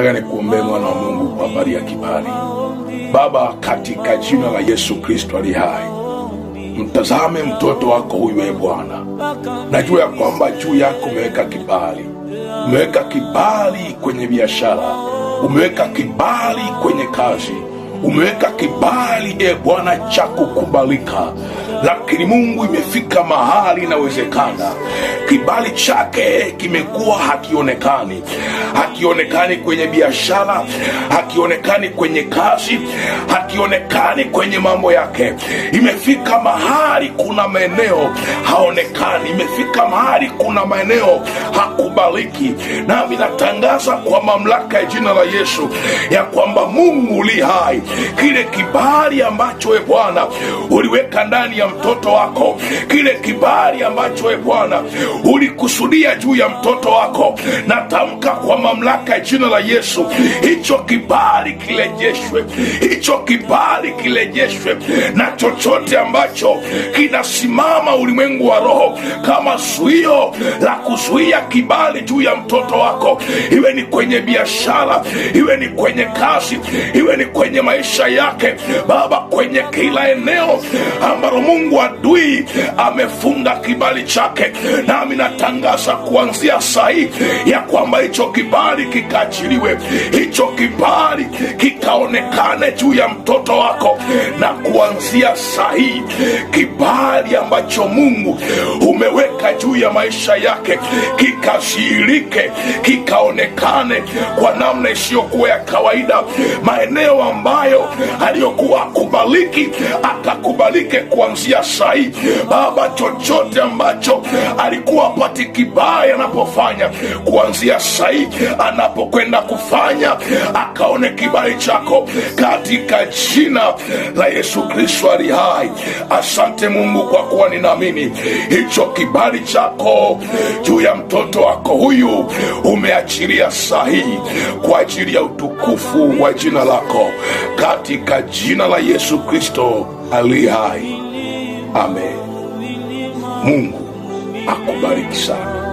Nataka nikuombee mwana wa Mungu kwa habari ya kibali. Baba, katika jina la Yesu Kristo ali hai, mtazame mtoto wako huyu. E Bwana, najua ya kwamba juu yako umeweka kibali, umeweka kibali kwenye biashara, umeweka kibali kwenye kazi umeweka kibali, e Bwana, cha kukubalika. Lakini Mungu, imefika mahali inawezekana kibali chake kimekuwa hakionekani, hakionekani kwenye biashara, hakionekani kwenye kazi, hakionekani kwenye mambo yake. Imefika mahali kuna maeneo haonekani, imefika mahali kuna maeneo hakubaliki. Nami natangaza kwa mamlaka ya jina la Yesu ya kwamba Mungu li hai kile kibali ambacho we Bwana uliweka ndani ya mtoto wako, kile kibali ambacho we Bwana ulikusudia juu ya mtoto wako. Natamka kwa mamlaka ya jina la Yesu, hicho kibali kirejeshwe, hicho kibali kirejeshwe, na chochote ambacho kinasimama ulimwengu wa roho kama zuio la kuzuia kibali juu ya mtoto wako, iwe ni kwenye biashara, iwe ni kwenye kazi, iwe ni kwenye maisha yake Baba, kwenye kila eneo ambalo Mungu adui amefunga kibali chake, nami natangaza kuanzia saa hii ya kwamba hicho kibali kikaachiliwe, hicho kibali kikaonekane juu ya mtoto wako, na kuanzia saa hii kibali ambacho Mungu umeweka juu ya maisha yake kikashiirike kikaonekane kwa namna isiyokuwa ya kawaida maeneo ambayo ambayo aliyokuwa akubaliki, akakubalike kuanzia sahii. Baba, chochote ambacho alikuwa apati kibaya anapofanya, kuanzia sahii anapokwenda kufanya, akaone kibali chako katika jina la Yesu Kristo ali hai. Asante Mungu kwa kuwa ninaamini hicho kibali chako juu ya mtoto wako huyu umeachilia sahihi kwa ajili ya utukufu wa jina lako katika jina la Yesu Kristo aliye hai. Amen. Mungu akubariki sana.